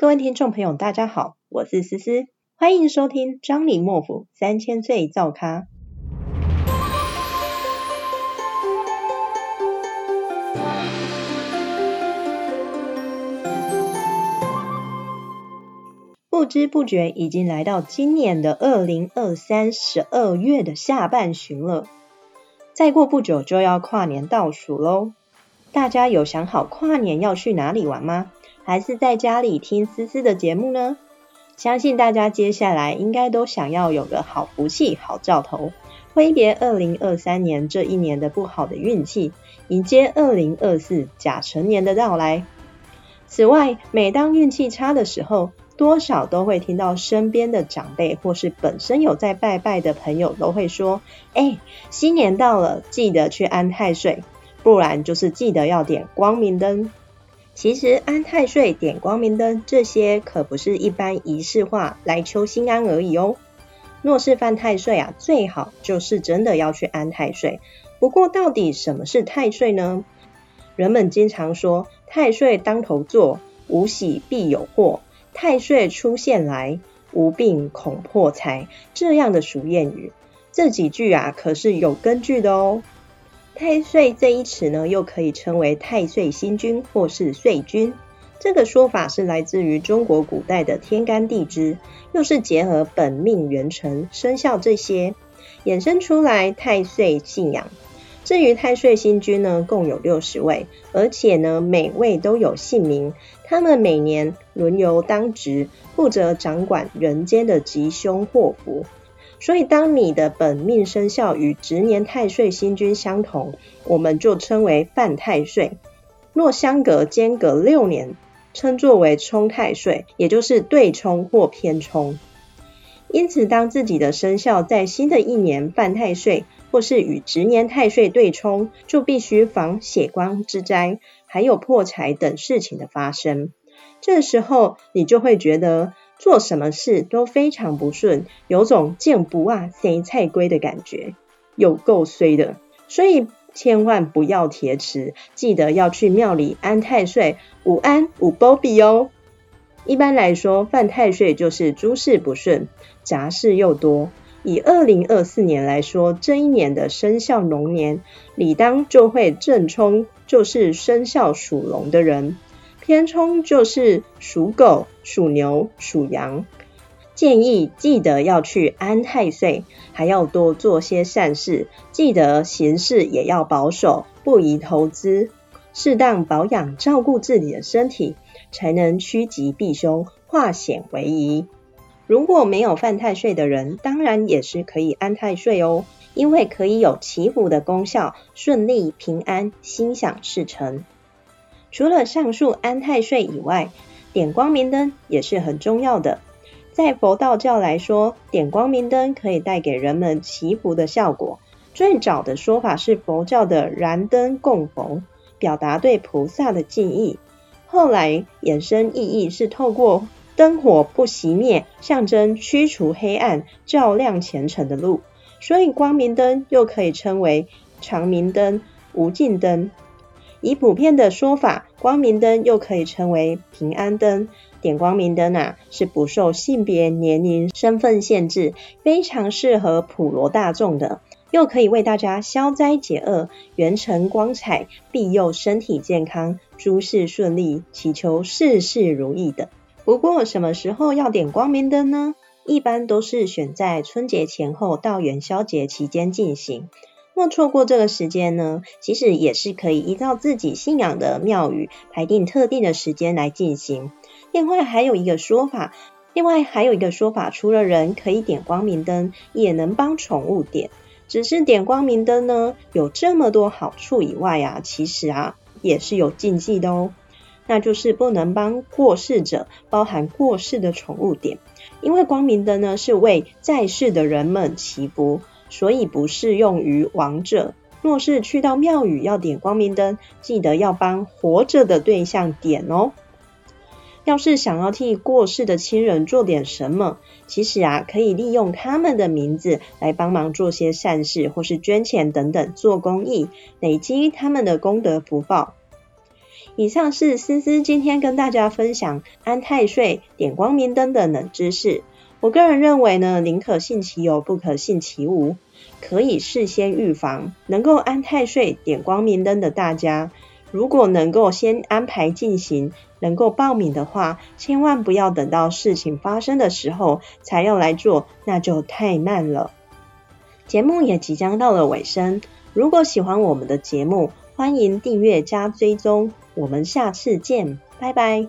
各位聽眾朋友，大家好，我是思思，歡迎收聽張李莫府三千歲造咖。不知不覺已經來到今年的二零二三十二月的下半旬了，再過不久就要跨年倒數嘍。大家有想好跨年要去哪裡玩嗎？還是在家裡聽絲絲的節目呢？相信大家接下來應該都想要有個好福氣、好兆頭，揮別2023年這一年的不好的運氣，迎接2024甲辰年的到來。此外，每當運氣差的時候，多少都會聽到身邊的長輩或是本身有在拜拜的朋友都會說：“哎、欸，新年到了，記得去安太歲，不然就是記得要點光明燈。”其實安太歲、點光明燈這些可不是一般儀式化來求心安而已哦。若是犯太歲啊，最好就是真的要去安太歲。不過到底什麼是太歲呢？人們經常說太歲當頭坐，無喜必有禍；太歲出現來，無病恐破財。這樣的俗諺語，這幾句啊可是有根據的哦。太歲這一詞呢，又可以稱為太歲星君或是歲君。這個說法是來自於中國古代的天干地支，又是結合本命元辰、生肖這些，衍生出來太歲信仰。至於太歲星君呢，共有六十位，而且呢，每位都有姓名，他們每年輪流當值，負責掌管人間的吉凶禍福。所以，當你的本命生肖與值年太歲星君相同，我們就稱為犯太歲；若相隔間隔六年，稱作為沖太歲，也就是對沖或偏沖。因此，當自己的生肖在新的一年犯太歲，或是與值年太歲對沖，就必須防血光之災，還有破財等事情的發生。這個時候，你就會覺得。做什麼事都非常不順，有種見不忘、啊、誰菜歸的感覺，有夠衰的。所以千萬不要鐵齒，記得要去廟裡安太歲，有安有保庇哦。一般來說，犯太歲就是諸事不順，雜事又多。以二零二四年來說，這一年的生肖龍年，理當就會正衝，就是生肖屬龍的人。天沖就是屬狗、屬牛、屬羊，建議記得要去安太歲，還要多做些善事，記得行事也要保守，不宜投資，適當保養照顧自己的身體，才能趨吉避凶，化險為夷。如果沒有犯太歲的人，當然也是可以安太歲哦，因為可以有祈福的功效，順利平安，心想事成。除了上述安太歲以外，點光明燈也是很重要的。在佛道教來說，點光明燈可以帶給人們祈福的效果。最早的說法是佛教的燃燈供奉，表達對菩薩的敬意。後來衍生意義是透過燈火不熄滅，象徵驅除黑暗，照亮前程的路。所以光明燈又可以稱為長明燈、無盡燈。以普遍的說法，光明燈又可以稱為平安燈。點光明燈啊，是不受性別、年齡、身份限制，非常適合普羅大眾的，又可以為大家消災解厄、元辰光彩、庇佑身體健康、諸事順利、祈求事事如意的。不過，什麼時候要點光明燈呢？一般都是選在春節前後到元宵節期間進行。那麼，錯過這個時間呢，其實也是可以依照自己信仰的廟宇排定特定的時間來進行。另外還有一個說法，另外還有一個說法，除了人可以點光明燈，也能幫寵物點。只是點光明燈呢，有這麼多好處以外啊，其實啊也是有禁忌的哦。那就是不能幫過世者，包含過世的寵物點，因為光明燈呢是為在世的人們祈福。所以不適用於亡者。若是去到廟宇要點光明燈，記得要幫活着的對象點哦。要是想要替過世的親人做點什麼，其實啊，可以利用他們的名字來幫忙做些善事，或是捐錢等等做公益，累積他們的功德福報。以上是絲絲今天跟大家分享安太歲點光明燈等等的冷知識。我個人認為呢，寧可信其有，不可信其無，可以事先預防。能夠安太歲、點光明燈的大家，如果能夠先安排進行，能夠報名的話，千萬不要等到事情發生的時候才要來做，那就太慢了。節目也即將到了尾聲，如果喜歡我們的節目，歡迎訂閱加追蹤，我們下次見，拜拜。